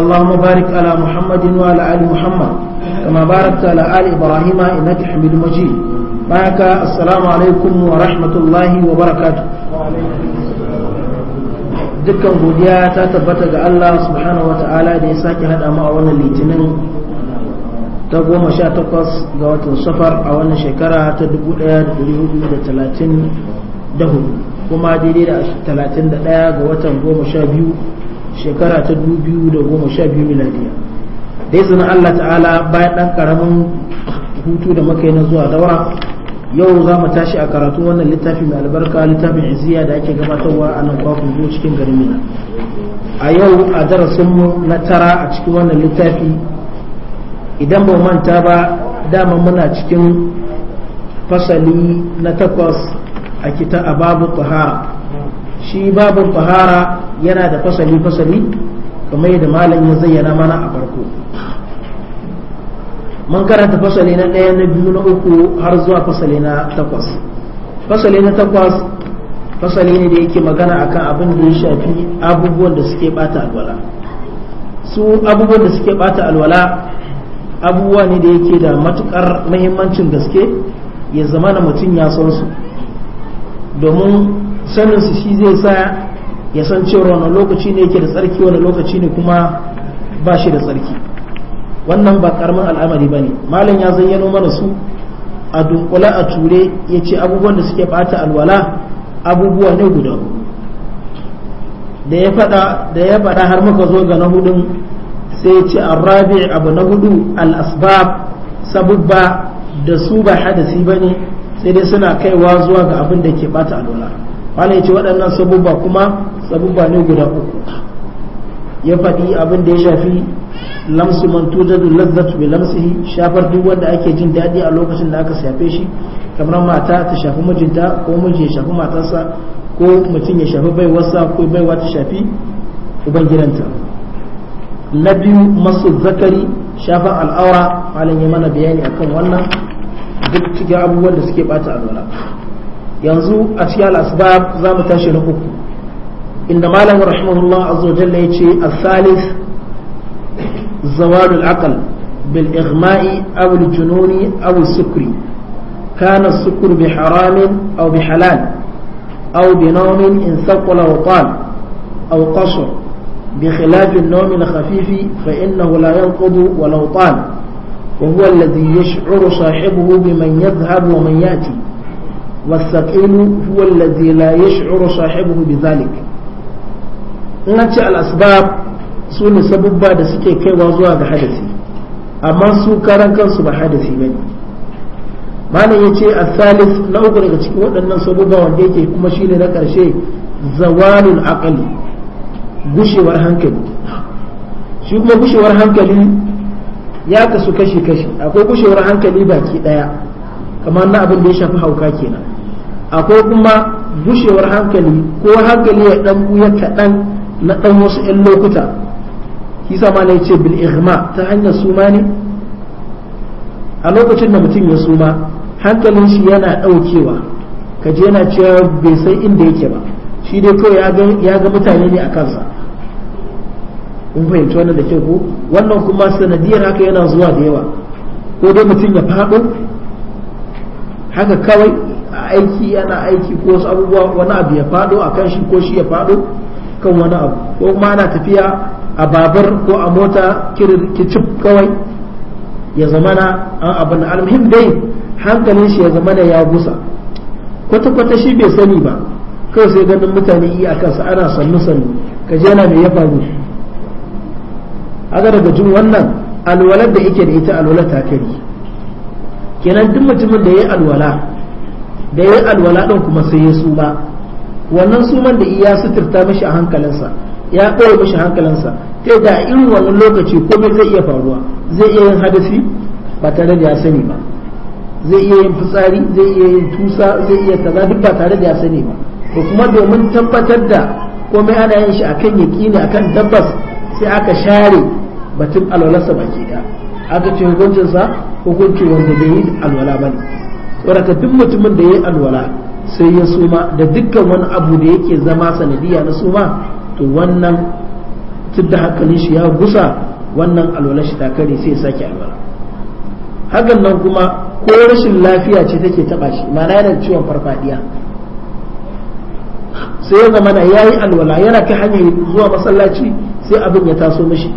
اللهم بارك على محمد وعلى آل محمد كما باركت على آل إبراهيم إنك حميد مجيد معك السلام عليكم ورحمة الله وبركاته dukkan godiya ta tabbata ga Allah subhanahu wa ta'ala da ya sake hada mu a wannan litinin ta goma sha takwas ga watan safar a wannan shekara ta dubu daya da ɗari hudu da talatin da hudu kuma daidai da talatin da daya ga watan goma sha biyu shekara ta 2012 miladiya da zina Allah ta'ala bayan ɗan ƙaramin hutu da muka yi na zuwa daura yau za mu tashi a karatu wannan littafi mai albarka littafin iziya da ake gabatarwa a nan kwakwun zuwa cikin garin mina a yau a darasinmu na tara a cikin wannan littafi idan ba manta ba dama muna cikin fasali na takwas a kita a babu tahara shi babin fahara yana da fasali fasali kamar yadda malam ya zayyana mana a farko mun karanta fasali na ɗaya na biyu na uku har zuwa fasali na takwas fasali na takwas fasali ne da yake magana akan abin da ya shafi abubuwan da suke bata alwala su abubuwan da suke bata alwala abubuwa ne da yake da matukar mahimmancin gaske ya zama na mutum ya san su domin sanin su shi zai sa ya san cewa wani lokaci ne yake da tsarki wani lokaci ne kuma ba shi da tsarki wannan ba karamin al'amari ba ne malam ya zayyano mana su a dunkula a ture ya ce abubuwan da suke bata alwala abubuwa ne guda da ya fada da ya fada har muka zo ga na hudun sai ya ce abu na hudu al-asbab sabubba da su ba hadasi bane sai dai suna kaiwa zuwa ga abin da ke bata alwala wani ya ce waɗannan sabubba kuma sabubba ne guda uku ya faɗi abin da ya shafi lamsu da dullar da bi lamsihi shafar duk wanda ake jin daɗi a lokacin da aka shafe shi kamar mata ta shafi mijinta ko miji ya shafi matarsa ko mutum ya shafi baiwarsa ko baiwa ta shafi ubangidanta na biyu masu zakari shafan al'aura malam ya mana bayani akan wannan duk cikin abubuwan da suke bata alwala yanzu a cikin al'asbab za mu tashi na uku inda malam rahimahullah azza wa jalla yace as-salis zawalul aql bil ighma'i aw al jununi aw al sukri kana al sukr bi haramin aw bi halal aw bi nawmin in saqala wa qal aw qashr bi khilaf al nawm qasr بخلاف النوم الخفيف فإنه لا ينقض ولو طال وهو الذي يشعر صاحبه بمن يذهب ومن يأتي والسقيم هو الذي لا يشعر صاحبه بذلك نتي الأسباب سوني سبب بعد سكي كي وزوها حدثي أما سو كان كان سبا حدثي بني ما يتي الثالث لا أقول لك تكوى أن سبب وانديك كما شيني لك شيء زوال العقل gushe war hankali shi kuma gushewar hankali ya kasu kashi-kashi akwai gushewar hankali baki daya kamar na abin da ya shafi hauka kenan akwai kuma gushewar hankali ko hankali ya dan buya kaɗan na ɗan wasu 'yan lokuta sa ma na ce bil ihma ta hanyar suma ne a lokacin da mutum ya suma hankalin shi yana ɗaukewa kaje yana cewa bai sai inda yake ba shi dai kawai ya ga mutane ne a kansa kun fahimci wannan da kyau ko wannan kuma sanadiyar haka yana zuwa da yawa ko dai mutum ya faɗo haka kawai aiki yana aiki ko wasu abubuwa wani abu ya fado a kan shi ko shi ya fado kan wani abu ko kuma ana tafiya a babar ko a mota kicip kawai ya zamana an abu na alhim dai hankalin shi ya zamana ya gusa kwata-kwata shi bai sani ba kawai sai ganin mutane iya kansa ana sannu-sannu ka je yana mai ya faru aga daga jin wannan alwalar da yake da ita alwalar takari kenan duk mutumin da ya yi alwala da ya alwala din kuma sai ya suma wannan suman da iya suturta mashi a hankalinsa ya ɓoye mashi hankalinsa ta da irin wannan lokaci komai zai iya faruwa zai iya yin hadasi ba tare da ya sani ba zai iya yin fitsari zai iya yin tusa zai iya kaza duk ba tare da ya sani ba to kuma domin tabbatar da komai ana yin shi akan yaƙini akan tabbas sai aka share batun alwalarsa baki ɗaya aka ce hukuncinsa hukunci wanda bai yi alwala ba ne waraka duk mutumin da ya yi alwala sai ya suma da dukkan wani abu da yake zama sanadiyya na suma to wannan tun da hankalin shi ya gusa wannan alwala shi takari sai ya sake alwala hakan nan kuma ko rashin lafiya ce take taba shi ma'ana yana ciwon farfadiya sai ya zama na yayi alwala yana ta hanyar zuwa masallaci sai abin ya taso mishi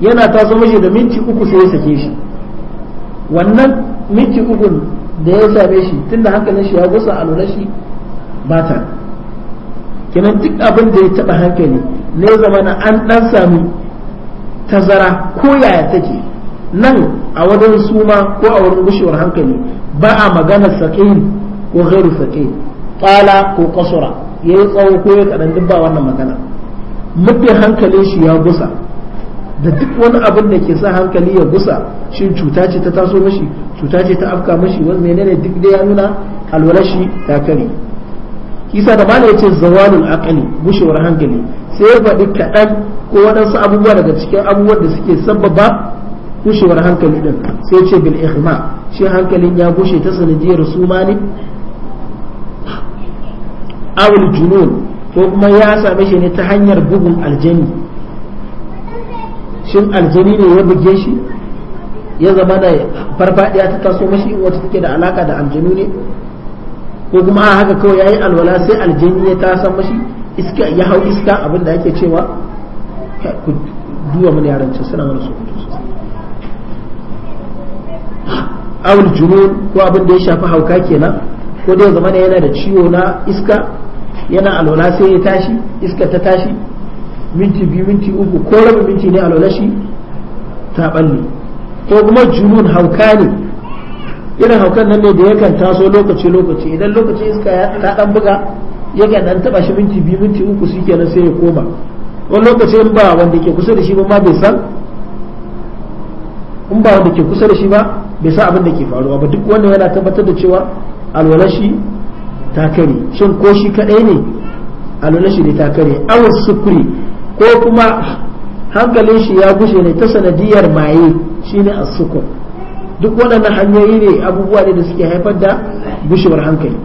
yana taso mishi da minti uku sai ya sake shi wannan minti uku da ya same shi tun da hankalin shi ya gusa lura shi ba ta kenan duk abin da ya taɓa hankali ne zama na an dan sami tazara ko yaya take nan a wajen suma ko a wurin gushewar hankali ba a magana sakin ko gairu sakin ƙala ko kasura ya yi tsawo ko ya kaɗan duk ba wannan magana muddin hankalin shi ya gusa da duk wani abin da ke sa hankali ya gusa shin cuta ce ta taso mashi cuta ce ta afka mashi wani menene duk da ya nuna alwala shi ta kare kisa da malai ce zawalul aqli gushewar hankali sai ya faɗi kaɗan ko waɗansu abubuwa daga cikin abubuwan da suke sababa gushewar hankali din sai ce bil ihma shi hankalin ya gushe ta sanadiyar suma ne awul junun ko kuma ya same shi ne ta hanyar bugun aljani shin aljini ne ya buge shi ya zama da farfadiya ta taso mashi wata take da alaka da aljanu ne ko kuma a haka kawai yayi alwala sai aljini ya taso mashi iska ya hau iska abin da yake cewa ku duwa mun yaran can suna mana sukutu awul junun ko abin da ya shafi hauka kenan ko dai zama yana da ciwo na iska yana alwala sai ya tashi iska ta tashi minti biyu minti uku ko rabin minti ne a lalashi ta balle ko kuma junun hauka ne irin haukan nan ne da yakan taso lokaci lokaci idan lokaci iska ya ta dan buga yakan dan taba shi minti biyu minti uku shikenan sai ya koma wani lokacin ba wanda ke kusa da shi ba ma bai san in ba wanda ke kusa da shi ba bai san abin da ke faruwa ba duk wanda yana tabbatar da cewa alwalashi ta kare shin ko shi kadai ne alwalashi ne ta kare awar sukuri ko kuma hankalin shi ya gushe ne ta sanadiyar maye shine a sukur duk waɗannan hanyoyi ne abubuwa ne da suke haifar da gushewar hankali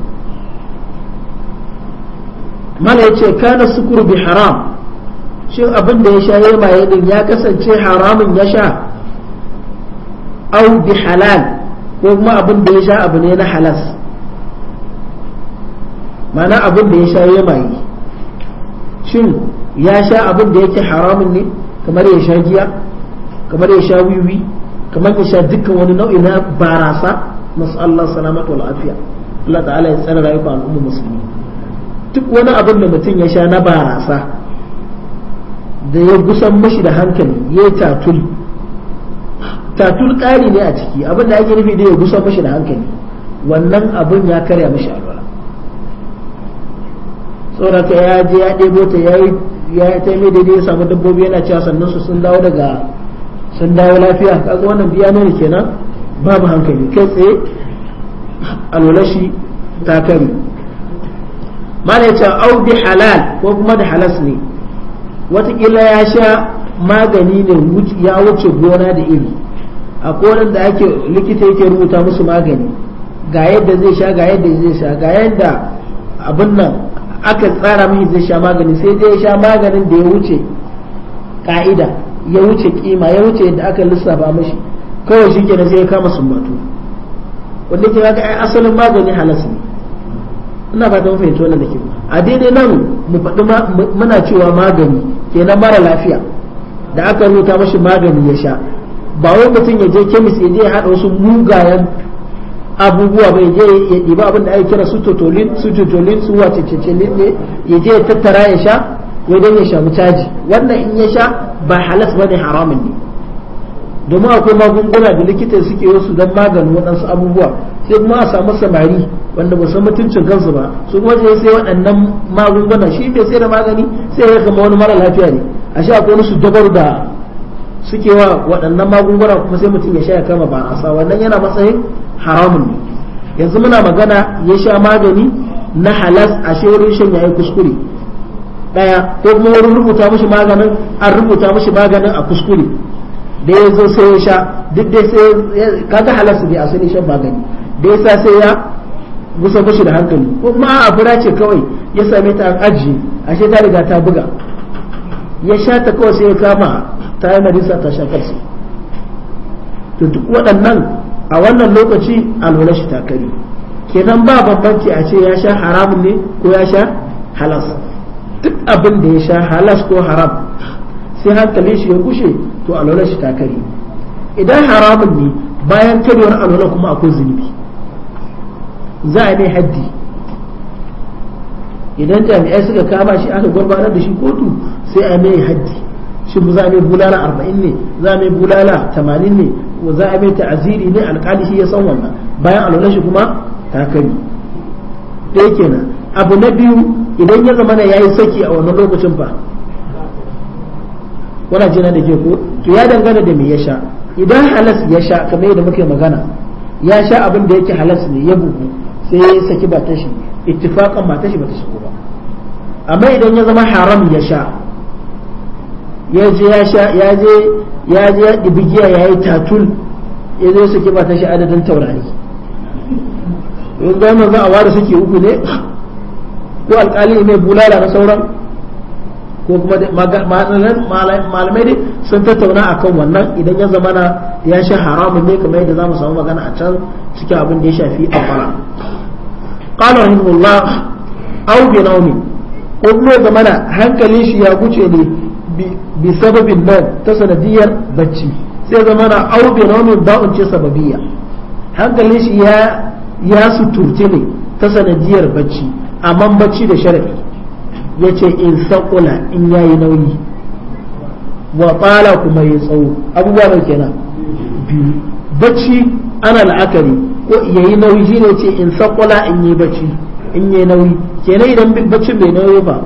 mana ya ce kana sukuru bi haram shin abin da ya sha ya maye din ya kasance haramun ya sha au bi halal ko kuma abin da ya sha abu ne na halas mana abin da ya sha ya maye shin ya sha abin da yake haramun ne kamar ya sha giya kamar ya sha wiwi kamar ya sha dukkan wani nau'i na barasa masu Allah salamatu wal afiya Allah ta'ala ya tsare rayuwar al'ummar musulmi duk wani abin da mutum ya sha na barasa da ya gusan mashi da hankali ya yi tatul tatul ƙari ne a ciki abin da ake nufi da ya gusan mashi da hankali wannan abin ya karya mashi alwala saboda ya je ya ɗebo ta ya yi ya yi taimai daidai ya samu dabbobi yana cewa sannan su sun dawo daga sun dawo lafiya kaga wannan biya ke kenan babu hankali kai tsaye alwalashi ta kari mana yace au bi halal ko kuma da halas ne watakila ya sha magani ne ya wuce gona da iri a koren da ake likita yake rubuta musu magani ga yadda zai sha ga yadda zai sha ga yadda abin nan aka tsara mishi zai sha magani sai dai ya sha maganin da ya wuce ka'ida ya wuce kima ya wuce yadda aka lissafa mishi kawai shi kenan sai ya kama sumbatu wanda ke kaga ai asalin magani halas ne ina ba ta fahimci wannan da ke a daidai nan mu faɗi muna cewa magani kenan mara lafiya da aka rubuta mashi magani ya sha ba wai mutum ya je kemis ya je ya haɗa wasu mugayen abubuwa bai je ya ɗiba abin da ake kira su totolin su totolin su wace cecelin ne ya je ya tattara ya sha wai dan ya sha mu caji wannan in ya sha ba halas ba ne haramun ne domin akwai magunguna da likita suke wasu don maganin waɗansu abubuwa sai kuma a samu samari wanda ba san mutuncin kansu ba su kuma je sai waɗannan magunguna shi bai sai da magani sai ya kama wani mara lafiya ne a sha akwai wasu su dabar da suke wa waɗannan magunguna kuma sai mutum ya sha ya kama sa wannan yana matsayin haramun ne yanzu muna magana ya sha magani na halas a shirin shan yayi kuskure daya ko kuma wurin rubuta mishi maganin an rubuta mishi maganin a kuskure da ya zo sai ya sha duk dai sai kaga halas ne a sani shan magani da ya sa sai ya gusa mishi da hankali ko kuma a fura ce kawai ya same ta an ajiye ashe ta riga ta buga ya sha ta kawai sai ya kama ta yi najisa ta su to duk waɗannan a wannan lokaci alwala shi ta kari kenan ba bambanci a ce ya sha haramun ne ko ya sha halas duk abin da ya sha halas ko haram sai hankali shi ya kushe to alwala shi ta kari idan haramun ne bayan karewar alwala kuma akwai zunubi za a ne haddi idan jami'ai suka kama shi aka gurbatar da shi kotu sai a mai haddi shi za a mai bulala arba'in ne za a mai bulala tamanin ne ko za a mai ta'aziri ne alƙali shi ya san wannan bayan alwala shi kuma ta kari ɗaya kenan abu na biyu idan ya zama na ya yi saki a wannan lokacin fa wana jina da ke ko to ya dangana da me ya sha idan halas ya sha kamar yadda muke magana ya sha abin da yake halas ne ya bugu sai ya saki ba tashi ittifaqan ba tashi ba ta ko ba amma idan ya zama haram ya sha ya je ya sha ya je ya je ɗibi giya ya yi tatul ya zo suke bata ta shi adadin taurari yanzu da a ware suke uku ne ko alƙali ne bulala na sauran ko kuma malamai ne sun tattauna akan wannan idan ya zamana ya sha haramun ne kamar yadda za mu samu magana a can cikin abin da ya shafi a fara قال رحمه الله أو بنوم قبل shi هنكليش يا بوتشي bi sababin nan ta sanadiyar bacci sai zama na aube na wani ba'un ce sababiyya hankalin shi ya ya ne ta sanadiyar bacci amma bacci da sharafi ya ce in saƙula in ya yi nauyi wa tsala kuma ya tsawo abubuwa da kenan biyu bacci ana la'akari ko ya yi nauyi shi ne ce in saƙula in yi bacci in yi nauyi kenan idan baccin bai nauyi ba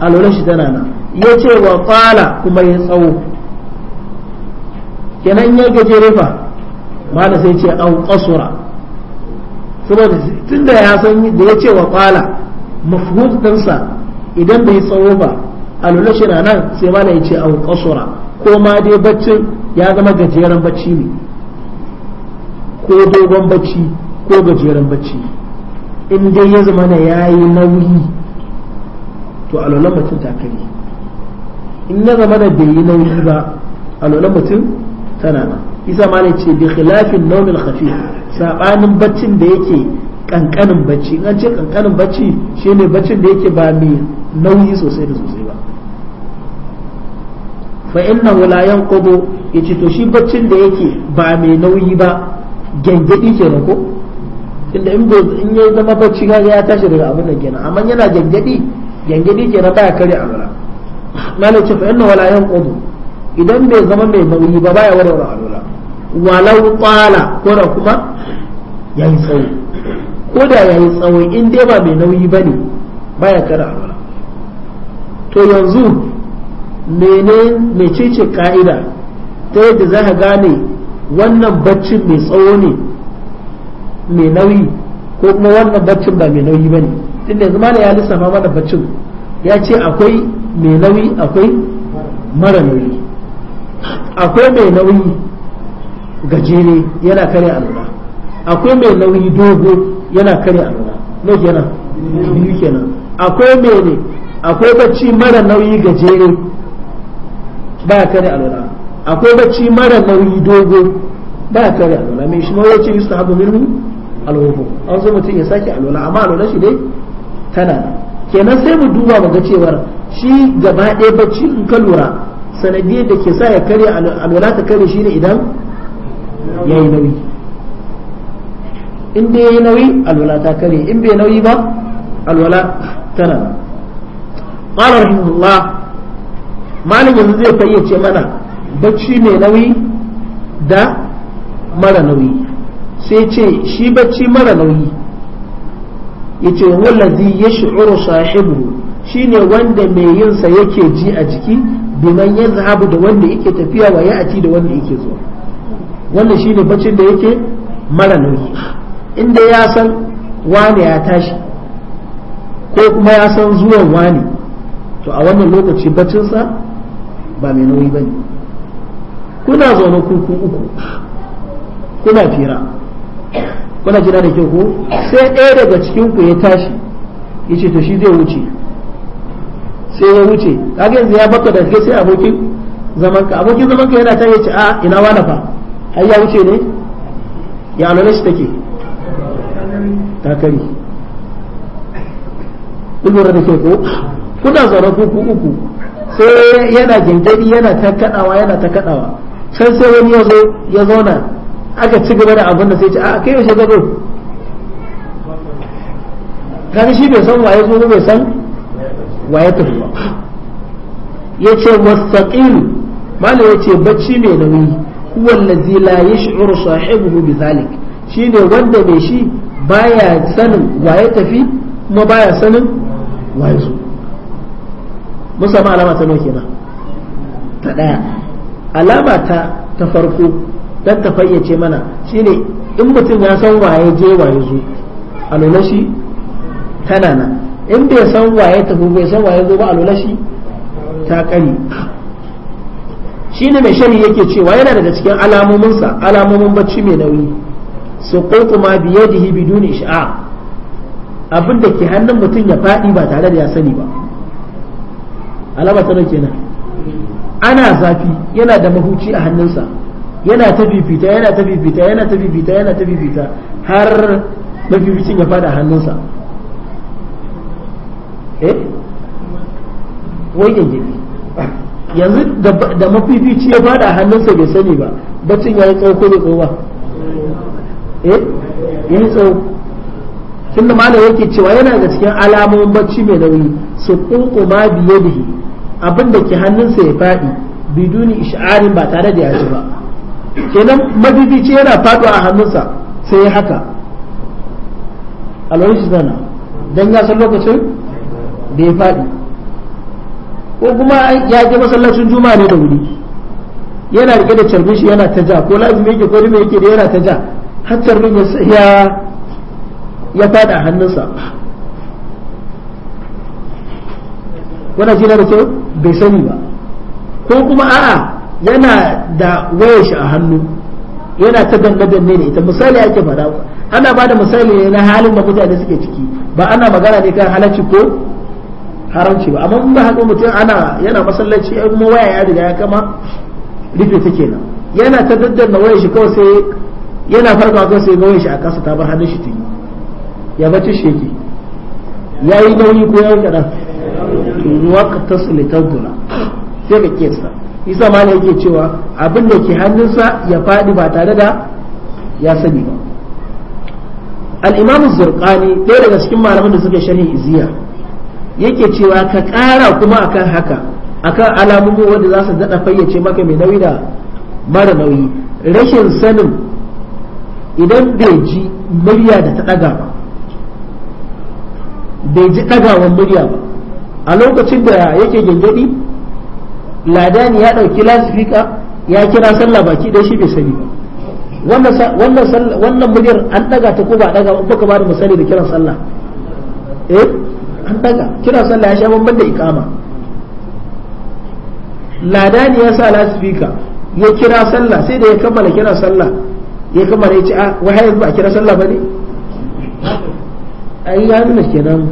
a lura shi tana nan ya ce wa tsala kuma ya tsawo kenan ya rufa ba mana sai ce an kasura saboda tun da ya san da ya ce wa tsala mafhum idan bai tsawo ba alula shi nan sai mana ya ce an kasura ko ma dai baccin ya zama gajeren bacci ne ko dogon bacci ko gajeren bacci in dai ya zama na yayi nauyi to alwalan mutum ta in ya zama da bai yi nauyi ba a alwalar mutum tana nan isa ma ne ce bi khilafin naumin khafif sabanin baccin da yake kankanin bacci in an ce kankanin bacci shine baccin da yake ba mai nauyi sosai da sosai ba fa innahu la yanqudu yace to shi baccin da yake ba mai nauyi ba gangadi kenan ko inda in in ya zama bacci kaga ya tashi daga abin da kenan amma yana gangadi gangadi kenan baya kare a malai ce fa inna wala yanqudu idan bai zama mai nauyi ba baya warware alwala walau qala ko da kuma yayi tsawo ko da yayi tsawo in dai ba mai nauyi bane baya kara alwala to yanzu mene ce ka'ida ta yadda za ka gane wannan baccin mai tsawo ne mai nauyi ko kuma wannan baccin ba mai nauyi bane tunda yanzu malai ya lissafa mana baccin ya ce akwai mai nauyi akwai mara nauyi akwai mai nauyi gajere yana kare nuna akwai mai nauyi dogo yana kare nuna no kenan biyu kenan akwai mai ne akwai bacci mara nauyi gajere ba kare nuna akwai bacci mara nauyi dogo ba kare nuna mai shi ya ce yusta habu mirmi alwudu an zo mutum ya sake nuna amma nuna shi dai tana kenan sai mu duba mu ga cewar shi gaba ɗaya bacci in ka lura sanadiyar da ke sa ya karya alwala ta karya shi ne idan ya yi nauyi in dai ya yi nauyi alwala ta karya in bai nauyi ba alwala tana قال رحمه الله malam yanzu zai fayyace mana bacci mai nauyi da mara nauyi sai ce shi bacci mara nauyi ya yace wallazi yash'uru sahibu Shi ne wanda mai yin sa yake ji a jiki biman zahabu da wanda yake tafiya wa ya aci da wanda yake zuwa wannan ne bacin da yake mara nauyi inda ya san wane ya tashi ko kuma ya san zuwan wane to a wannan lokaci baccinsa ba mai nauyi ba ne kuna zaune kuku uku kuna fira kuna jira da kyau ko sai ɗaya daga cikinku ya tashi yace ce to shi zai wuce sai ya wuce kaga yanzu ya baka da sai abokin zaman ka abokin zaman ka yana ta yace a ah, ina wani fa har ya wuce ne ya alwala shi take takari kun lura da ke ko kuna zaune ku uku sai yana gindadi yana ta kadawa yana ta kadawa can sai wani ya zo ya zauna aka ci gaba da abin da sai ce a ah, kai yaushe gado kan shi bai san waye zo bai san wa ya tafi ya ce wasaƙin malam ya ce bacci mai nauyi huwa allazi la yash'uru sahibuhu bi zalik ne wanda mai shi baya sanin wa ya tafi kuma baya sanin wa ya zo musamman alama ta nawa ba ta ɗaya alama ta ta farko dan ta fayyace mana shine in mutum ya san wa ya je ya zo a shi tana nan in bai san waye tafi bai san waye zo ba alwala shi ta kari shine mai shari yake cewa yana daga cikin alamominsa alamomin bacci mai nauyi su ma biyadihi biduni isha abin da ke hannun mutum ya faɗi ba tare da ya sani ba alama ta kenan ana zafi yana da mahuci a hannunsa yana ta fifita yana ta fifita yana ta fifita yana ta fifita har mafificin ya faɗa hannunsa eh wai yanzu da mafifici ya fada hannunsa bai sani ba baccin ya yi tsawo ko bai tsawo ba eh ya yi tsawo tun da malam yake cewa yana da cikin alamomin bacci mai nauyi su kunkuma biye bihi abin da ke hannunsa ya fadi biduni isha'arin ba tare da yaji ba kenan mafifici yana fado a hannunsa sai haka alwani shi zana don ya san lokacin da ya faɗi ko kuma ya je masallacin juma'a ne da wuri yana rike da carbin shi yana ta ja ko lazimi yake ko mai yake da yana ta ja har carbin ya ya faɗa hannunsa wannan shi da kyau bai sani ba ko kuma a'a yana da wayar shi a hannu yana ta dangadan ne da ita misali ake faɗa ana ba da misali ne na halin da mutane suke ciki ba ana magana ne kan halacci ko haramci ba amma in ba haka mutum ana yana masallaci ai kuma waya ya riga ya kama rufe ta kenan yana ta daddanna wayar shi kawai sai yana farkawa kawai sai ga wayar shi a kasa ta bar hannun shi tuni ya bacci shi yake ya yi nauyi ko ya yi kaɗan tunuwa ka tasiri ta dula sai ka kesa isa ma ne yake cewa abin da ke hannunsa ya faɗi ba tare da ya sani ba al-imamu zurqani ɗaya daga cikin malaman da suka sharhi iziya yake cewa ka ƙara kuma akan haka akan alamomi wanda za su daɗa fayyace maka mai nauyi da mara nauyi rashin sanin idan bai ji murya da ta ɗaga ba bai ji dagawan murya ba a lokacin da yake gyangyaɗi ladani ya ɗauki lasifika ya kira sallah baki da shi bai sani ba wannan muryar an ɗaga ta ko ba ɗaga ba ba da misali da kiran sallah eh an daga kira sallah ya sha bambam da ikama ladani ya sa speaker ya kira sallah sai da ya kammala kira sallah ya kammala ya ce a ah, wahai yanzu a kira sallah ba ne a yi ya nuna kenan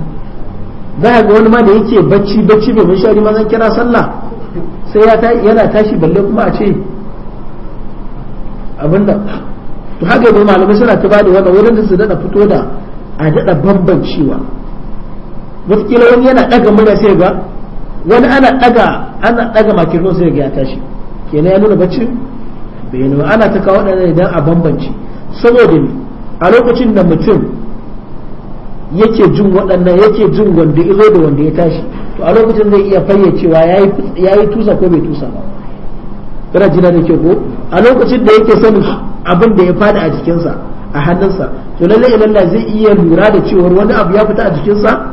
za ga wani ma da yake bacci bacci bai shari ma zan kira sallah sai yana tashi balle kuma a ce abinda to haka ne malamai suna ta bada wannan wurin da su dada fito da a dada bambancewa wataƙila wani yana ɗaga murya sai ga wani ana ɗaga ana ɗaga makirfon sai ga ya tashi kenan ya nuna bacci bai nuna ana ta kawo ɗaya idan a bambanci saboda ne a lokacin da mutum yake jin waɗannan yake jin wanda izo da wanda ya tashi to a lokacin zai iya fayyacewa ya yi tusa ko bai tusa ba kana jina da ke ko a lokacin da yake sanin abin da ya fada a jikinsa a hannunsa to lallai ilalla zai iya lura da cewar wani abu ya fita a jikinsa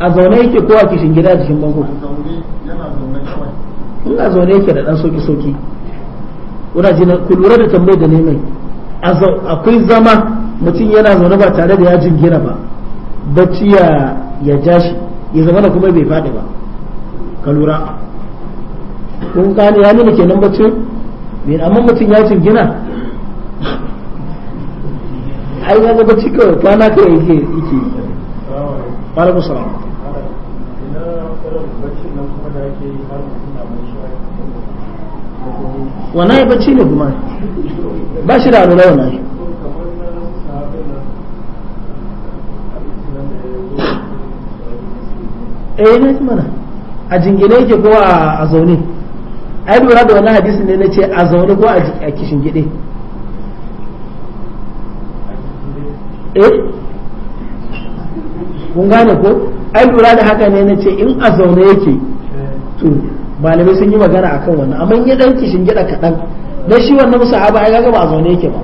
a zaune yake ko a kishin gida a cikin bango ina zaune yake da dan soki soki kuna ji ku lura da tambayar da neman akwai zama mutum yana zaune ba tare da ya jingina ba bacci ya ja jashi ya zama da kuma bai faɗi ba ka lura kun gane ya nuna kenan bacci me amma mutum ya jingina ai ya ga bacci kawai kwana kai yake yake da musamman wannan ya bacci ne kuma ba shi da alula yi. eh na ji mana a jingine yake ko a zaune ai lura da wannan hadisi ne na ce a zaune ko a kishin gide eh kun gane ko ai lura da haka ne na ce in a zaune yake to malamai sun yi magana akan wannan amma ya dan kishin gida kadan dan shi wannan sahaba ai ga ba a zaune yake ba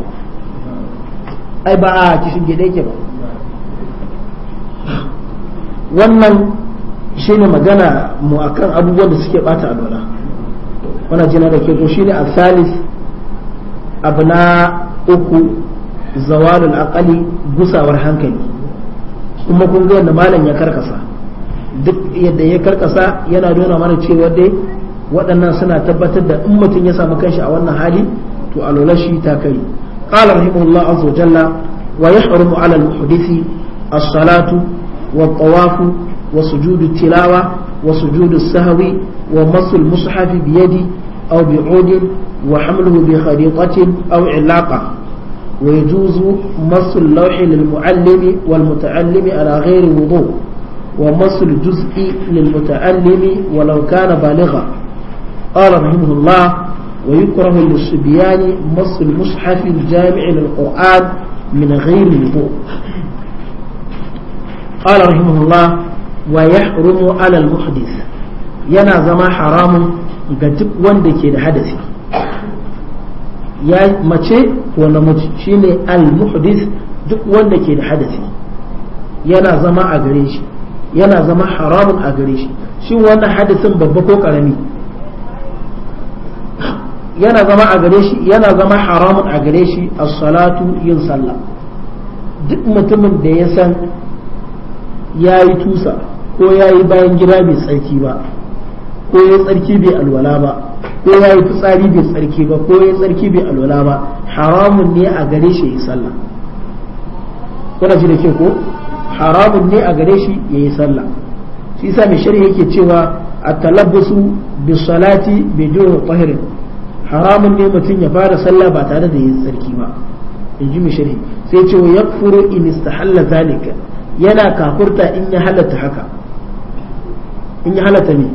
ai ba a kishin gida yake ba wannan shine magana mu akan abubuwan da suke bata alwala wannan jina da ke shi shine al salis abna uku zawalul aqali gusawar hankali kuma kun ga wannan malam ya karkasa duk yadda ya karkasa yana nuna mana cewa dai waɗannan suna tabbatar da in mutum ya samu kanshi a wannan hali to alwala shi ta kai qala rahimahullah azza wa jalla wa yahrumu ala al-muhdisi as-salatu wa tawafu wa sujudu tilawa wa sujudu sahwi wa masu al-mushaf bi yadi aw bi udin wa hamluhu bi khariqatin aw ilaqa ويجوز مس اللوح للمعلم والمتعلم على غير وضوء ومصل الجزء للمتعلم ولو كان بالغا قال رحمه الله ويكره للصبيان مص المصحف الجامع للقرآن من غير وضوء قال رحمه الله ويحرم على المحدث ينا زما حرام ga duk wanda ke da hadasi ya mace ko namiji shine al-muhdith duk wanda ke da hadasi yana zama a gare shi yana zama haramun a gare shi shin wannan hadisin babba ko karami yana zama a gare shi yana zama haramun a gare shi as-salatu yin sallah duk mutumin da ya san ya yi tusa ko ya yi bayan gida bai tsarki ba ko ya tsarki bai alwala ba ko ya yi fitsari bai tsarki ba ko ya tsarki bai alwala ba haramun ne a gare shi ya yi sallah kuna ji da ke ko haramun ne a gare shi ya yi sallah shi yasa mai shari'a yake cewa a talabbusu bis salati bi juhu tahirin haramun ne mutum ya fara sallah ba tare da yin tsarki ba in ji mai shari'a sai ce wa yakfuru in istahalla zalika yana kafurta in ya halatta haka in ya halatta ne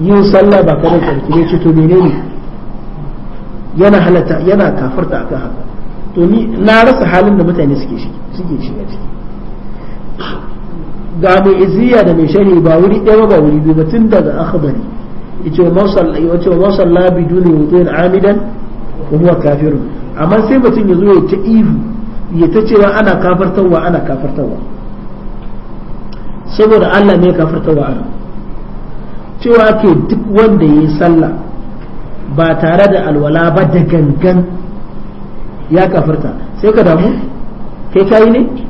yin sallah ba tare da tsarki ne ce to menene yana halatta yana kafurta akan haka to ni na rasa halin da mutane suke shiga ciki ga mai iziya da mai shari ba wuri ɗaya ba wuri biyu ba tun daga akhbari yace wace masalla biduni wudu'in amidan wa huwa kafirun amma sai mutum ya zo ya ta ihu ya ta cewa ana kafartarwa ana kafartarwa saboda Allah ne kafartarwa ana cewa ke duk wanda ya yi sallah ba tare da alwala ba da gangan ya kafarta sai ka damu kai kayi ne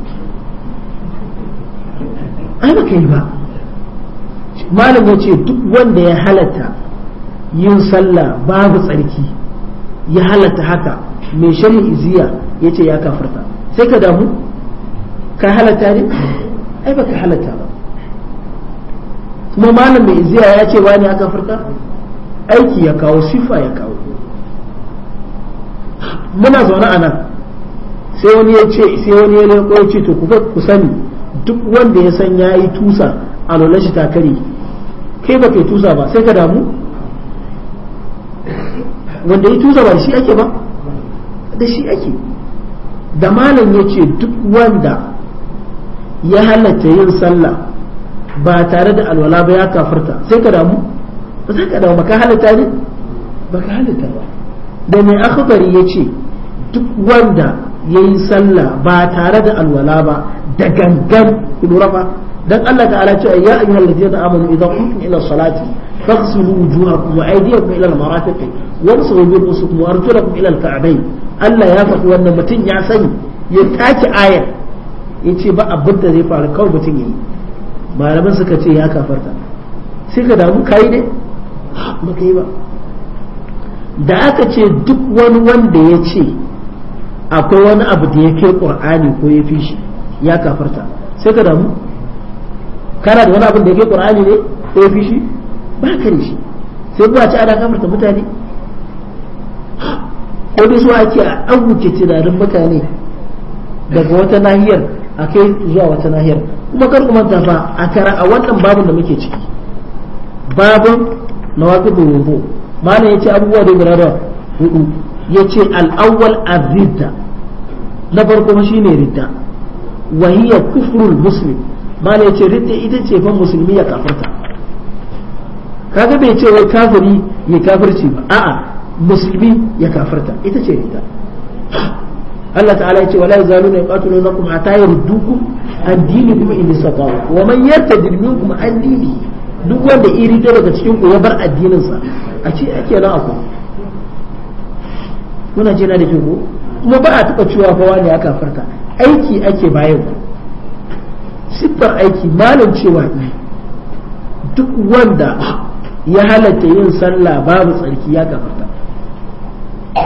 ai baka yi ba malam ya ce duk wanda ya halatta yin sallah babu tsarki ya halatta haka mai shari'i iziya ya ce ya kafarta sai ka damu ka halatta ne ai baka halatta ba kuma malam mai iziya ya ce wani ya kafarta aiki ya kawo sifa ya kawo muna zaune a nan sai wani ya ce sai wani ya ce to ku sani duk wanda ya san ya yi tusa alwalar shi ta kai ba kai tusa ba sai ka damu wanda ya tusa ba da shi ake ba da shi ake da malam ya ce duk wanda ya halatta yin sallah ba tare da alwala ba ya kafarta sai ka damu ba sai ka damu ba ka halatta ne ba ka halatta ba da mai akhbari ya ce duk wanda ya yi sallah ba tare da alwala ba da gangan ku lura fa dan Allah ta'ala cewa ya ayyuhal ladina amanu idza qumtum ila salati faghsilu wujuhakum wa aydiyakum ila al-marafiq wamsahu bi rusukum wa arjulakum ila al-ka'bayn Allah ya faɗi wannan mutum ya sani ya taki ayar yace ba abin da zai faru kawai mutum yayi malaman suka ce ya kafarta sai ka damu kai ne ba kai ba da aka ce duk wani wanda ya ce akwai wani abu da ya ke ƙur'ani ko ya fi shi ya kafarta sai ka damu kana da wani abin da yake qur'ani ne ko fi shi ba ka da shi sai kuma ci ana kafarta mutane ko dai su ake a aguke tunanin mutane daga wata nahiyar a kai zuwa wata nahiyar kuma kar kuma ta fa a kara a wannan babin da muke ciki babin na waƙi dogo malam yace abubuwa da gura da hudu yace al-awwal az-zidda na farko shine ridda wa hiya kufrul muslim mala yace ridda ita ce fa musulmi ya kafirta kaga bai ce wai kafiri ya kafirci ba a'a musulmi ya kafirta ita ce ridda Allah ta'ala yace wala yazaluna yaqatilunakum hatta yurdukum an dinikum in istata'u wa man yartadid minkum an duk wanda iri ta daga cikin ku ya bar addininsa a ce ake nan aku kuna jina da ke ko kuma ba a taɓa cewa fa wani ya kafarta aiki ake bayarwa siffar aiki malam cewa ne duk wanda ya halatta yin sallah babu tsarki ya kafarta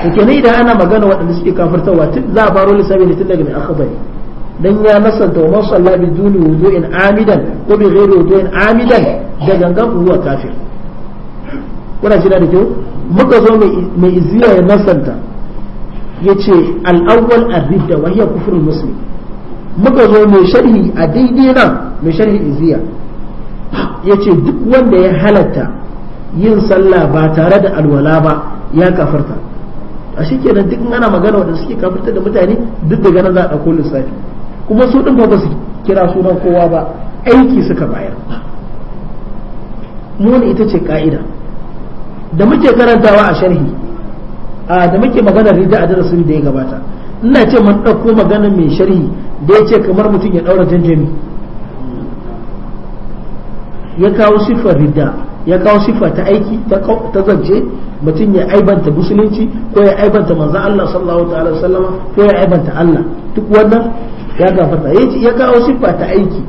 kake ne idan ana magana waɗanda suke kafartarwa tun za a faro lissafi ne tun daga mai akhbari dan ya nasanta wa masu salla bi duni wudu'in amidan ko bi ghairi wudu'in amidan da gangan huwa kafir kuna jira da kyau muka zo mai izina ya nasanta yace al-awwal ar-ridda wa hiya muslim muka zo mai sharhi a daidai nan mai sharhi iziya yace duk wanda ya halatta yin sallah ba tare da alwala ba ya kafarta a shi kenan duk ana magana wanda suke kafarta da mutane duk da ganin za a ɗauko lissafi kuma su ɗin ba su kira sunan kowa ba aiki suka bayar muni ita ce ka'ida da muke karantawa a sharhi a da muke maganar rida a darasin da ya gabata ina ce mun ɗauko magana mai sharhi da ya ce kamar mutum ya ɗaura janjami ya kawo siffar rida ya kawo siffa ta aiki ta zance mutum ya aibanta musulunci ko ya aibanta manzo Allah sallallahu ta'ala sallama ko ya aibanta Allah duk wannan ya gafarta ya kawo siffa ta aiki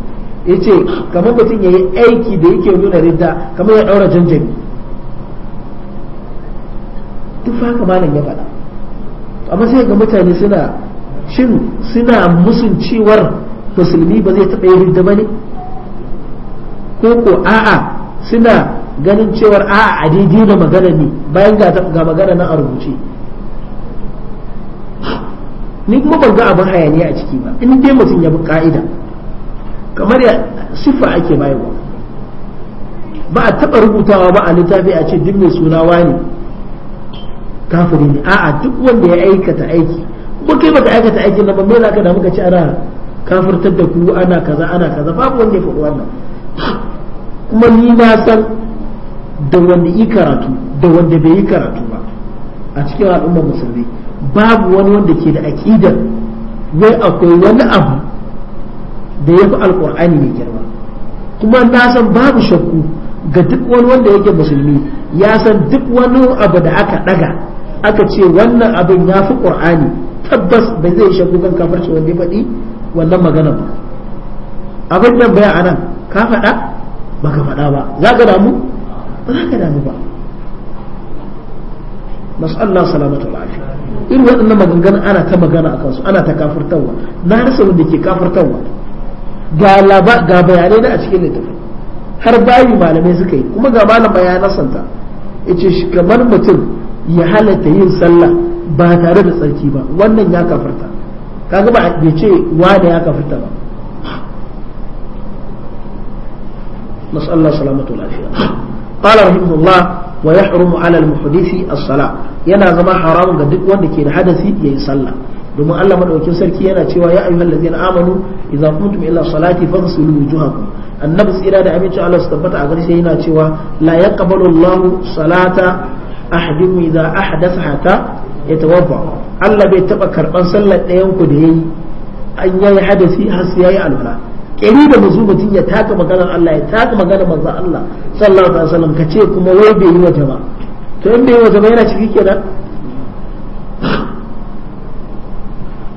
ya ce kamar mutum ya yi aiki da yake nuna rida kamar ya ɗaura janjami duk haka malam ya faɗa amma sai ga mutane suna shin suna musun cewar musulmi ba zai taɓa yin ba ne ko ko a'a suna ganin cewar a'a a daidai da magana ne bayan ga magana na a rubuce ni kuma ban ga abin hayaniya a ciki ba in dai mutum ya bi ka'ida kamar ya siffa ake bayarwa ba a taɓa rubutawa ba a littafi a ce duk mai suna wani kafiri ne a'a duk wanda ya aikata aiki ko kai baka aikata aiki na ba me zaka da muka ci ana kafirtar da ku ana kaza ana kaza babu wanda ya faɗi wannan kuma ni na san da wanda yi karatu da wanda bai yi karatu ba a cikin al'ummar musulmi babu wani wanda ke da aƙidar wai akwai wani abu da ya fi alƙur'ani mai girma kuma na san babu shakku ga duk wani wanda yake musulmi ya san duk wani abu da aka daga aka ce wannan abin ya fi qur'ani tabbas ba zai shagu kan kafirci wanda ya faɗi wannan magana ba abin nan baya anan ka faɗa ba ka faɗa ba za ka damu ba za ka damu ba masu Allah salamatu lafiya irin waɗannan maganganu ana ta magana a kansu ana ta kafirtarwa na rasa wanda ke kafirtarwa ga labar ga bayanai na a cikin littafi. har bayi malamai suka yi kuma ga malamai ya nasanta ya ce kamar mutum ya halatta yin sallah ba tare da tsarki ba wannan ya kafarta kaga ba ya ce wa da ya kafarta ba nasallah salamatu lafiya qala rahimahullah wa yahrumu ala almuhdithi as-salah yana zama haramun ga duk wanda ke da hadasi yayin sallah domin Allah madaukakin sarki yana cewa ya ayyuhallazina amanu idza kuntum ila salati faghsilu wujuhakum annabi tsira da aminci Allah su tabbata a garshe yana cewa la yaqbalu Allahu salata ahadikum idza ahdatha hatta yatawadda Allah bai taba karban sallar ɗayan ku da yayi an yayi hadasi har sai yayi alwala kiri da mutum ya taka maganar Allah ya taka maganar manzo Allah sallallahu alaihi wasallam kace kuma wai bai yi wa ba to in bai yi wa jama'a yana ciki kenan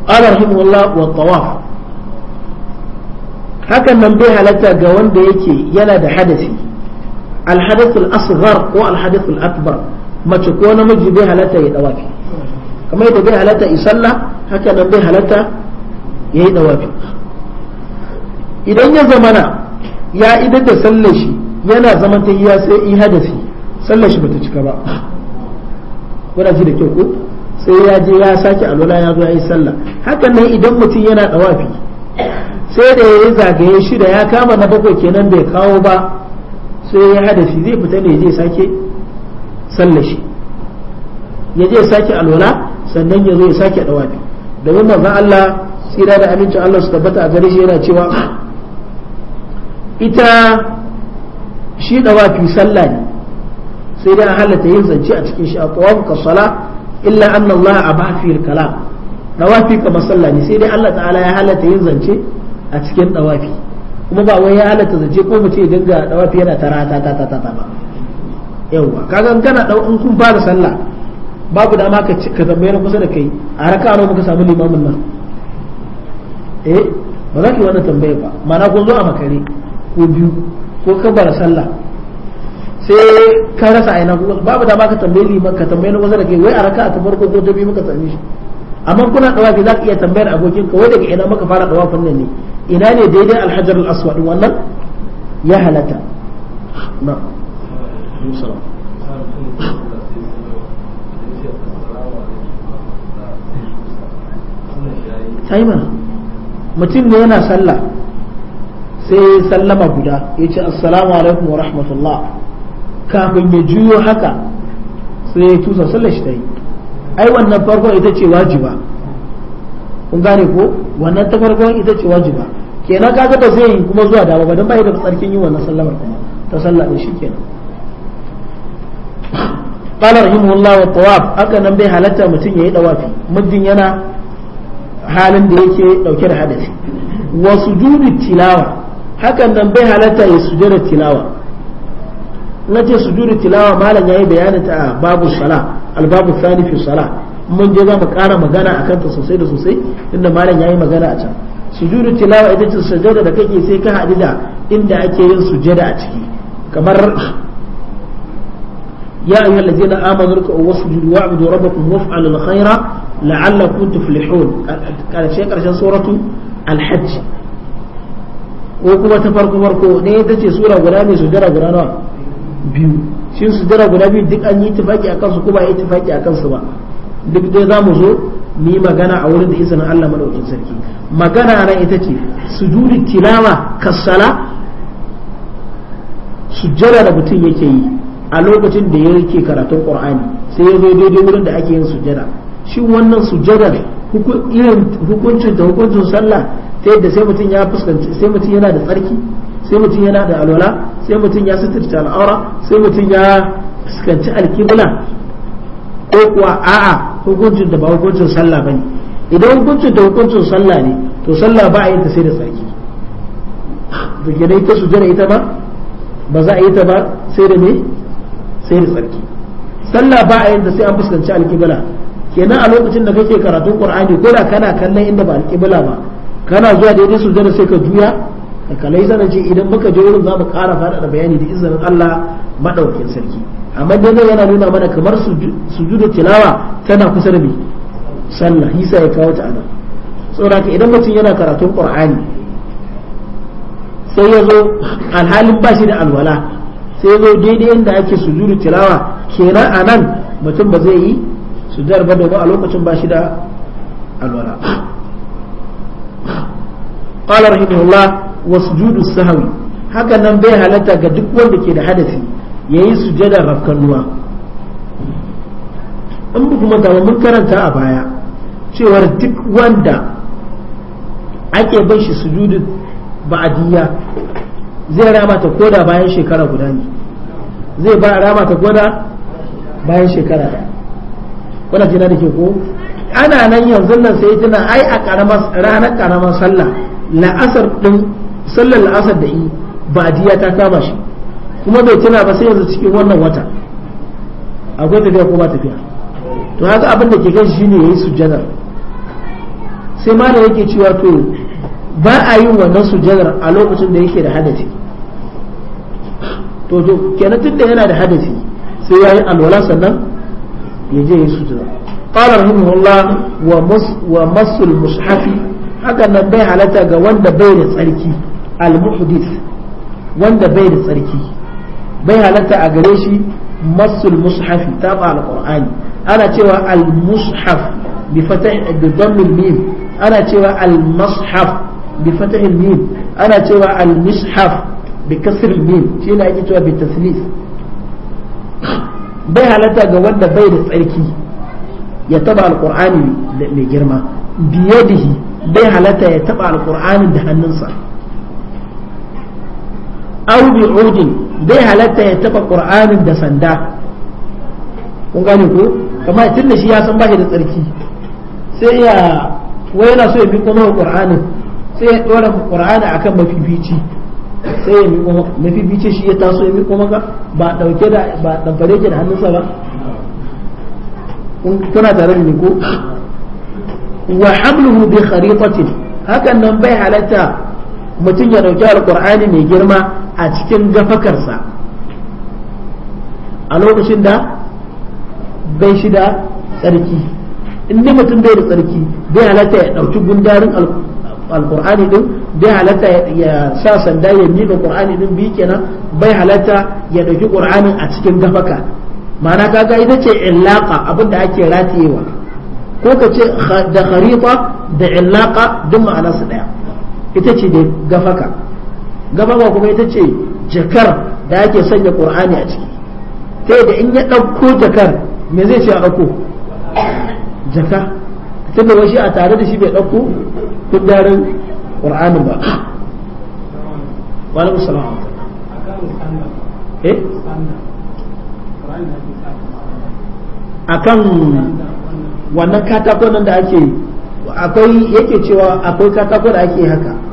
قال رحمه الله والطواف hakan nan bai halatta ga wanda yake yana da hadasi alhadathul asghar ko alhadathul akbar mace ko namiji bai halatta ya dawafi kamar yadda bai halatta ya sallah haka nan bai halatta ya yi dawafi idan ya zamana ya idar da sallar shi yana zaman ta iya sai yi hadasi sallar shi bata cika ba kuna ji da kyau ko sai ya je ya sake alwala ya zo ya yi sallah hakan nan idan mutum yana dawafi sai da ya zagaye shida ya kama na bakwai kenan bai kawo ba sai ya hadafi zai fita ne zai sake sallar shi ya je sake alwala sannan ya zo ya sake dawafi domin manzon Allah tsira da amincin Allah su tabbata a gare shi yana cewa ita shi dawafi sallah ne sai dai an halatta yin zance a cikin shi a tawafu ka sala illa anna Allah a kalam dawafi kamar sallah ne sai dai Allah ta'ala ya halatta yin zance a cikin dawafi kuma ba wai ya halatta zace ko mace ya dinga dawafi yana tara ta ta ta ta ba yawa kaga kana dau in kun fara sallah babu dama ka ka tambaye na kusa da kai a raka nawa muka samu limamin nan eh ba za ki wannan tambaye ba mana kun zo a makare ko biyu ko ka kabara sallah sai ka rasa aina babu dama ka tambaye liman ka tambaye na kusa da kai wai a raka ta farko ko ta biyu muka same shi amma kuna dawafi za ka iya tambayar abokin ka wai daga ina muka fara dawafin nan ne ina ne daidai alhajar al-aswad wannan ya halatta na musamman mutum ne yana sallah sai sallama guda ya ce assalamu alaikum wa rahmatullah kafin ya juyo haka sai ya tusa sallar shi ta yi ai wannan farko ita ce wajiba kun gane ko wannan ta farkon ita ce wajiba kenan kaga ba zai yi kuma zuwa dama ba dan bai da tsarkin yi wannan sallamar kuma ta sallah din shikenan qala rahimahullah wa tawaf aka nan bai halatta mutum yayi dawafi muddin yana halin da yake dauke da hadisi wa sujudu tilawa hakan nan bai halatta ya sujuda tilawa na ce sujudi tilawa malam yayi bayanin ta babu sala albabu thani fi sala mun je za mu ƙara magana a kanta sosai da sosai inda malam ya yi magana a can sujudu tilawa ita ce sujada da kake sai ka haɗu da inda ake yin sujada a ciki kamar ya ayyuhal ladzina amanu ruk'u wasjudu wa'budu rabbakum waf'alul khaira la'allakum tuflihun karshe karshen suratu al-hajj ko kuma ta farko farko ne ita ce sura guda mai sujada guda nawa biyu shi sujada guda biyu duk an yi tafaki akan su kuma yi tafaki akan su ba duk dai za mu zo mu yi magana a wurin da izinin Allah madaukin sarki magana na ita ce sujudu tilawa kassala sujjada da mutum yake yi a lokacin da yake karatun qur'ani sai ya zo daidai wurin da ake yin sujjada shi wannan sujjada irin hukuncin da hukuncin sallah ta yadda sai mutum ya fuskanci sai mutum yana da tsarki sai mutum yana da alwala sai mutum ya suturta al'aura sai mutum ya fuskanci alkibla ko kuwa a'a hukuncin da ba hukuncin sallah bane idan hukuncin da hukuncin sallah ne to sallah ba a yi ta sai da tsaki to ke ita su jira ita ba ba za a yi ta ba sai da me sai da tsaki sallah ba a yi ta sai an fuskanci alkibla kenan a lokacin da kake karatun qur'ani ko da kana kallon inda ba alkibla ba kana zuwa daidai jira sai ka juya kalai zana ce idan muka je wurin za mu kara ƙara da bayani da izinin Allah maɗaukin sarki amma dai yana nuna mana kamar sujudu tilawa tana kusa da mai sallah hisa ya kawo ta ana saboda ka idan mutum yana karatun qur'ani sai ya zo alhalin bashi da alwala sai ya zo daidai inda ake sujudu tilawa kenan a nan mutum ba zai yi sujudar ba domin a lokacin bashi da alwala qala rahimahullah wa sujudu sahwi haka nan bai halatta ga duk wanda ke da hadasi yayi sujada rafkanuwa in an kuma da mun karanta a baya cewar duk wanda ake bai shi sujudu ba'adiyya zai rama ta koda bayan shekara guda ne zai ba rama ta koda bayan shekara ɗaya kuna jina da ke ko ana nan yanzu nan sai tuna ai a karamar ranar karamar sallah la'asar din sallar la'asar da yi ba diya ta kama shi kuma bai tuna ba sai yanzu cikin wannan wata akwai tafiya ko ba tafiya to haka abin da ke kai shine yayi sujjadar sai ma da yake cewa to ba a yi wannan sujjadar a lokacin da yake da hadasi to to kenan da yana da hadasi sai ya yi alwala sannan ya je yi sujjadar قال رحمه الله ومس wa المصحف هذا haka nan bai halatta ga wanda bai da tsarki al-muhdith wanda bai da tsarki bai halatta a gare shi masul mushafi ta ba al-qur'ani ana cewa al-mushaf bi fatah bi dhammil mim ana cewa al-mushaf bi fatah mim ana cewa al-mushaf bi kasr mim shi ne ake cewa bi taslis bai halatta ga wanda bai da tsarki ya taba al-qur'ani mai girma biyadihi bai halatta ya taba al-qur'anin da hannunsa au bi udin bai halatta ya taba qur'anin da sanda kun gane ko kamar tunda shi ya san bashi da tsarki sai ya wai yana so ya bi kuma qur'anin sai ya dora qur'ani akan mafifici sai ya miƙo maka mafifici shi ya taso ya miƙo maka ba dauke da ba damfare ke da hannunsa ba kuna tare da ni ko wa hamluhu bi kharitatin hakan nan bai halatta mutum ya dauki alqur'ani mai girma a cikin gafakarsa a lokacin da bai shi da tsarki inda mutum bai da tsarki bai halatta ya ɗauki gundarin alkur'ani din bai halatta ya sa sanda ya miƙa ƙur'ani din bi kenan bai halatta ya ɗauki ƙur'ani a cikin gafaka ma'ana kaga ita ce illaka abin da ake ratayewa ko ka ce da kharifa da illaka duk ma'ana su ɗaya ita ce da gafaka gaba gababa kuma ita ce jakar da ake sanya qur'ani a ciki sai da in ya ɗauko jakar me zai ce a ɗauko jaka tunda wai shi a tare da shi bai ɗauko kudarin qur'ani ba wa alaikum a eh kan wannan katakon nan da ake akwai yake cewa akwai katako da ake haka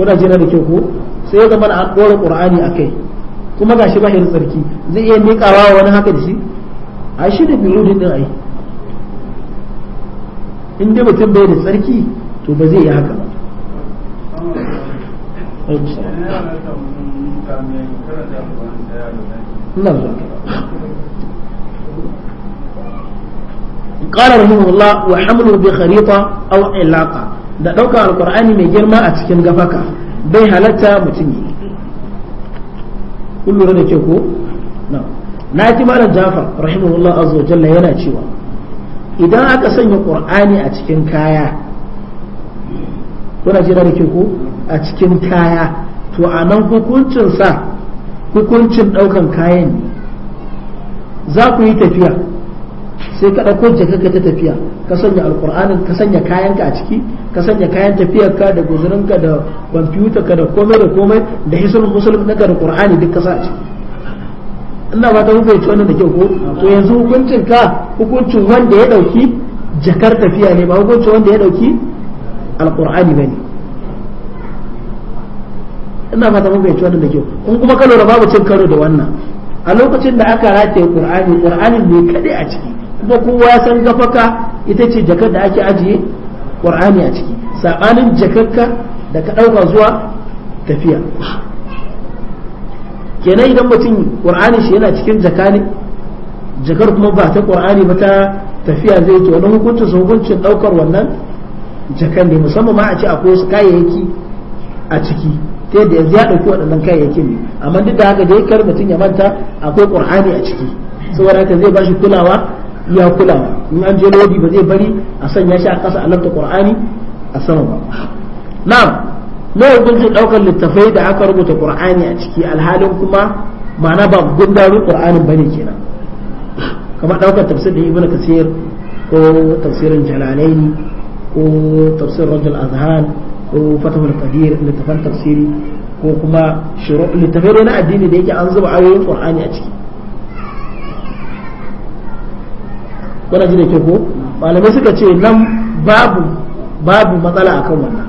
kuna jira da kyau ko sai ya zama an ɗora qur'ani akai kuma gashi ba shi da tsarki zai iya miƙawa wani haka da shi a shi da biludin din ai in dai mutum bai da tsarki to ba zai yi haka ba ina zuwa قال wa الله وحمله بخريطة أو علاقة da ɗaukar alkur'ani mai girma a cikin gafaka bai halatta mutum yi kullum da ke ko na ji malam jafar rahimahullah azza wa jalla yana cewa idan aka sanya qur'ani a cikin kaya kuna jira da ke ko a cikin kaya to a nan hukuncin sa hukuncin ɗaukan kayan ne za ku yi tafiya sai ka ɗauko ka ta tafiya ka sanya alƙur'anin ka sanya kayanka a ciki ka sanya kayan ka da guzurinka da kwamfuta ka da komai da komai da hisul musulun ɗinka da ƙur'ani duk ka sa a ciki ina ba ta hukunci wannan da kyau ko to yanzu hukuncin ka hukuncin wanda ya ɗauki jakar tafiya ne ba hukuncin wanda ya ɗauki alƙur'ani ba ne ina ba ta hukunci wannan da kyau in kuma ka lura babu cin karo da wannan a lokacin da aka rataye ƙur'ani ƙur'anin ne kaɗai a ciki kuma kowa ya san gafaka ita ce jakar da ake ajiye ƙwar'ani a ciki saɓanin jakarka da ka ɗauka zuwa tafiya kenan idan mutum ƙwar'ani shi yana cikin jaka ne jakar kuma ba ta ƙwar'ani ba ta tafiya zai to wani hukuncin su hukuncin ɗaukar wannan jakan ne musamman ma a ce akwai wasu kayayyaki a ciki ta yadda yanzu ya ɗauki waɗannan kayayyakin ne amma duk da haka da kar mutum ya manta akwai ƙur'ani a ciki saboda haka zai ba shi kulawa iya kula in an je lodi ba zai bari a sanya shi a ƙasa a lafta qur'ani a sama ba na'am na hukuncin ɗaukar littafai da aka rubuta qur'ani a ciki alhalin kuma ma'ana ba ƙur'ani ba ne kenan kamar ɗaukar tafsir da ibnu kasir ko tafsirin jalalaini ko tafsir rajul azhan ko fatahul qadir littafan tafsiri ko kuma littafai na addini da yake an zuba ayoyin qur'ani a ciki kuna ji da ke ko malamai suka ce nan babu babu matsala akan wannan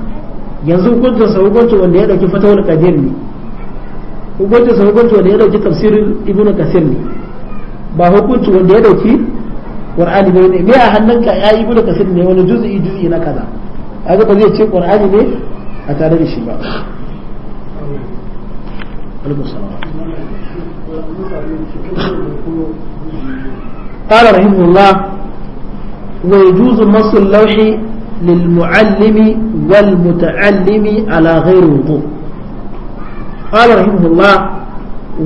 yanzu hukuncin sa hukuncin wanda ya dauki fatawul qadir ne hukuncin sa hukuncin wanda ya dauki tafsirin ibn kasir ne ba hukunci wanda ya dauki qur'ani ne ne me a hannunka ya ibn kasir ne wani juz'i juz'i na kaza kaga ba zai ce qur'ani ne a tare da shi ba alaikum قال رحمه الله ويجوز نص اللوح للمعلم والمتعلم على غير وضوء قال رحمه الله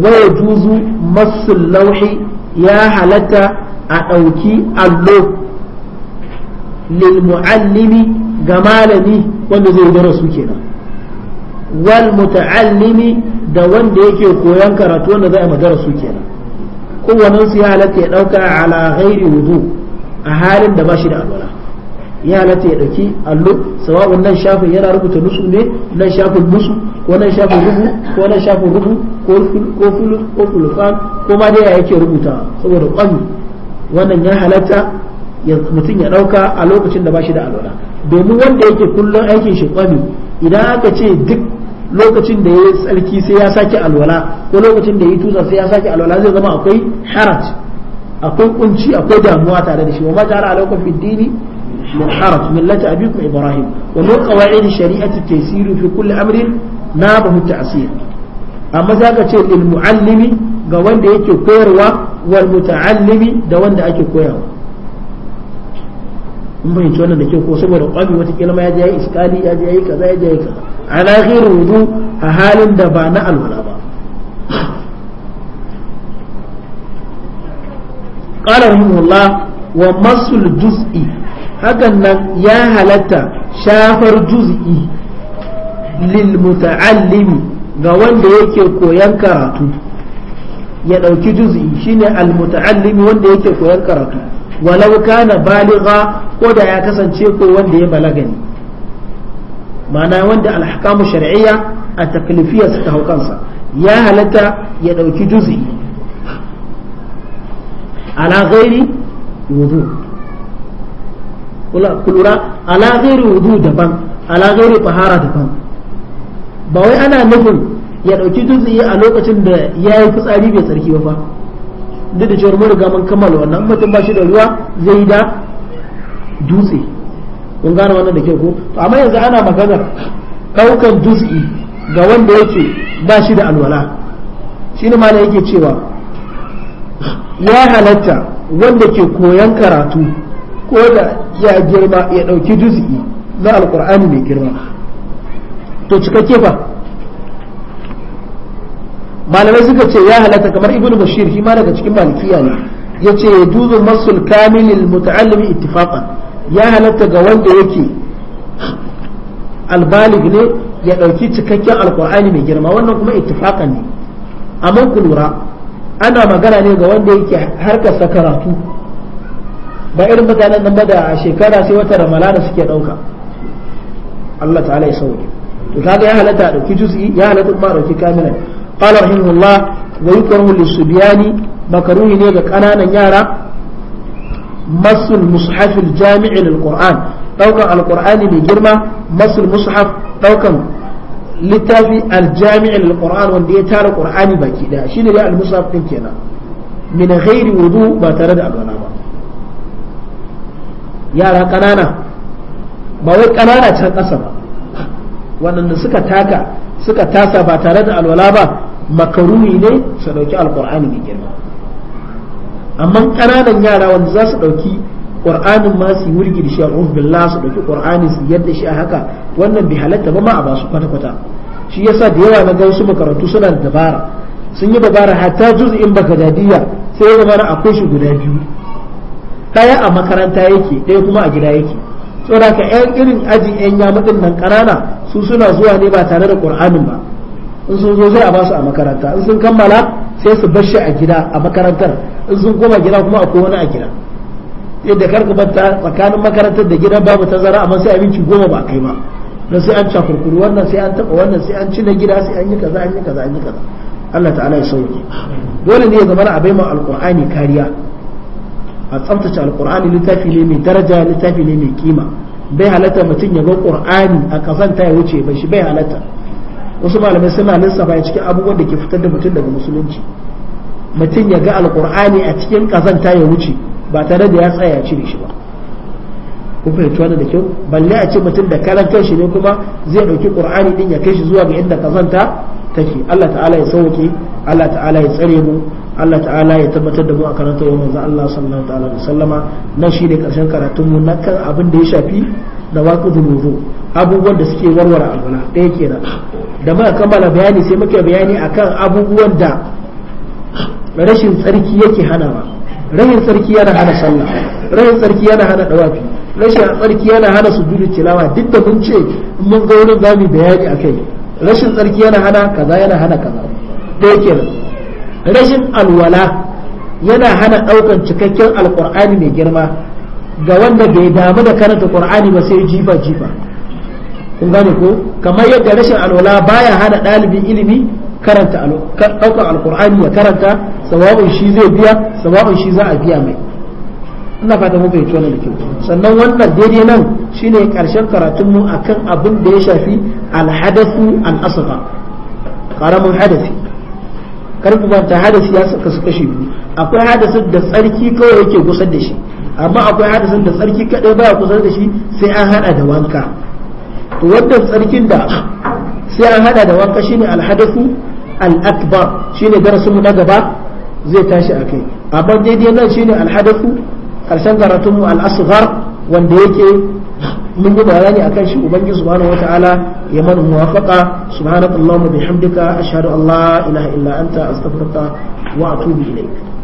ويجوز مس اللوح يا هلتا أدوكي اللوح للمعلم جمالني wanda zai darasu kenan wal muta'allimi da wanda yake koyan karatu wanda za a madarasu kenan kowane su ya halatta ya dauka ala ghairi wudu a halin da ba shi da alwala ya halatta ya dauki allo sawa'un nan shafin yana rubuta nusu ne nan shafin nusu ko nan shafin rubu ko nan shafin rubu ko fulu ko fulufan ko ma dai yake rubuta saboda kwami wannan ya halatta mutum ya ɗauka a lokacin da ba shi da alwala domin wanda yake kullum aikin shi kwami idan aka ce duk lokacin da ya yi tsarki sai ya sake alwala ko lokacin da ya yi tusa sai ya sake alwala zai zama akwai haraj akwai kunci akwai damuwa tare da shi wa ma jara alaikum fid dini min haraj millata abikum ibrahim wa min qawaid shari'ati taysiru fi kulli amrin nabahu ta'sir amma ka ce lil muallimi ga wanda yake koyarwa wal muta'allimi da wanda ake koyarwa bai ci wannan da ke ko saboda kwabi wata kila ma ya je yayi iskali ya je yayi kaza ya je yayi kaza ala khairu wudu a halin da ba na alwala ba qala rahimullah wa masul juz'i hakan nan ya halatta shafar juz'i lil muta'allimi ga wanda yake koyan karatu ya ɗauki juz'i shine almuta'allimi wanda yake koyan karatu walau kana baliga ko da ya kasance ko wanda ya balaga ne ma'ana wanda alhakamu shar'iyya a taklifiya su hau kansa ya halatta ya ɗauki juz'i ala ghairi wudu kulura ala ghairi wudu daban ala ghairi fahara daban ba wai ana nufin ya ɗauki dutse a lokacin da ya yi fitsari bai tsarki ba fa duk da cewar mun riga mun kammala wannan mutum ba shi da ruwa zai yi da dutse kun gane wannan da kyau ko to amma yanzu ana magana daukan juz'i ga wanda yake ba shi da alwala shi ne malai yake cewa ya halatta wanda ke koyan karatu ko da ya girma ya dauki juz'i na alqur'ani mai girma to cikakke ba malamai suka ce ya halatta kamar ibn bashir shi ma daga cikin malikiya ne yace yajuzu masul kamilil muta'allimi ittifaqan ya halatta ga wanda yake albalig ne ya ɗauki cikakken alkur'ani mai girma wannan kuma ittifaqan ne amma ku lura ana magana ne ga wanda yake harkar sa karatu ba irin mutanen nan ba da shekara sai wata ramalana suke ɗauka Allah ta'ala ya sauke to kaga ya halatta a dauki juz'i ya halatta kuma a dauki kamilan qala rahimahullah wa yukrahu lisubiyani makaruhi ne ga ƙananan yara masul mushaf al-jami' lil-qur'an daukan mai girma masul mushaf daukan littafi al-jami' quran wanda ya tara qur'ani baki daya shine dai al-mushaf din kenan min ghairi ba tare da yara wai can ƙasa ba waɗanda suka taka suka tasa ba tare da alwala ba makaruni ne su ɗauki alƙur'ani mai girma amma ƙananan yara wanda za su ɗauki ƙur'anin ma su wurgi da shi a billah su ɗauki ƙur'ani su yadda shi a haka wannan bai halatta ba ma a basu kwata-kwata shi yasa da yawa na ga wasu makarantu suna da dabara sun yi dabara hatta juz'in dadiya sai ya zama akwai shi guda biyu ɗaya a makaranta yake ɗaya kuma a gida yake saboda ka yan irin ajin yan yamudin nan ƙanana su suna zuwa ne ba tare da ƙur'anin ba in sun zo sai a basu a makaranta in sun kammala sai su bar a gida a makarantar in sun koma gida kuma akwai wani a gida yadda karka banta tsakanin makarantar da gidan babu tazara amma sai abinci goma ba kai ba na sai an cakurkuru wannan sai an taba wannan sai an cina gida sai an yi kaza an yi kaza an yi kaza Allah ta'ala ya sauke dole ne ya zama a baima alqur'ani kariya a tsaftace alqur'ani littafi ne mai daraja littafi ne mai kima bai halatta mutum ya ga qur'ani a kazanta ya wuce ba shi bai halatta wasu malamai suna lissafa cikin abubuwan da ke fitar da mutum daga musulunci mutum ya ga alkur'ani a cikin kazanta ya wuce ba tare da ya tsaya cire shi ba ku fahimci wannan da kyau balle a ce mutum da karantar shi ne kuma zai dauki qur'ani din ya kai shi zuwa ga inda kazanta take Allah ta'ala ya sauke Allah ta'ala ya tsare mu Allah ta'ala ya tabbatar da mu a karantar manzon Allah sallallahu ta'ala wa sallama nan shine karshen karatun mu na kan abin da ya shafi da waqidul wudu abubuwan da suke warware alwala ɗaya ke da da muka kammala bayani sai muke bayani akan abubuwan da rashin tsarki yake hana ba rashin tsarki yana hana sallah rashin tsarki yana hana dawafi rashin tsarki yana hana su sujudu tilawa duk da mun ce mun ga wurin za mu bayani akai rashin tsarki yana hana kaza yana hana kaza ɗaya kenan rashin alwala yana hana ɗaukan cikakken alƙur'ani mai girma ga wanda bai damu da karanta ƙur'ani ba sai jifa jifa kun gane ko kamar yadda rashin alwala baya hana ɗalibin ilimi karanta ɗaukar alkur'ani ya karanta sababin shi zai biya sababin shi za a biya mai ina fata mun fahimci wannan kyau sannan wannan daidai nan shine karshen karatun mu akan abin da ya shafi alhadathu al-asghar karamin hadasi kar ku manta hadasi ya saka su kashi biyu akwai hadasin da tsarki kawai yake gusar da shi amma akwai hadasin da tsarki kadai baya gusar da shi sai an hada da wanka to wannan tsarkin da sai an hada da wanka shine alhadathu al-akbar shine darasin mu na gaba zai tashi a kai amma daidai nan shine alhadathu karshen karatun mu al-asghar wanda yake mun yi bayani akan shi ubangiji subhanahu wataala ya mana muwafaqa subhanakallahumma bihamdika ashhadu an la ilaha illa anta astaghfiruka wa atubu ilaik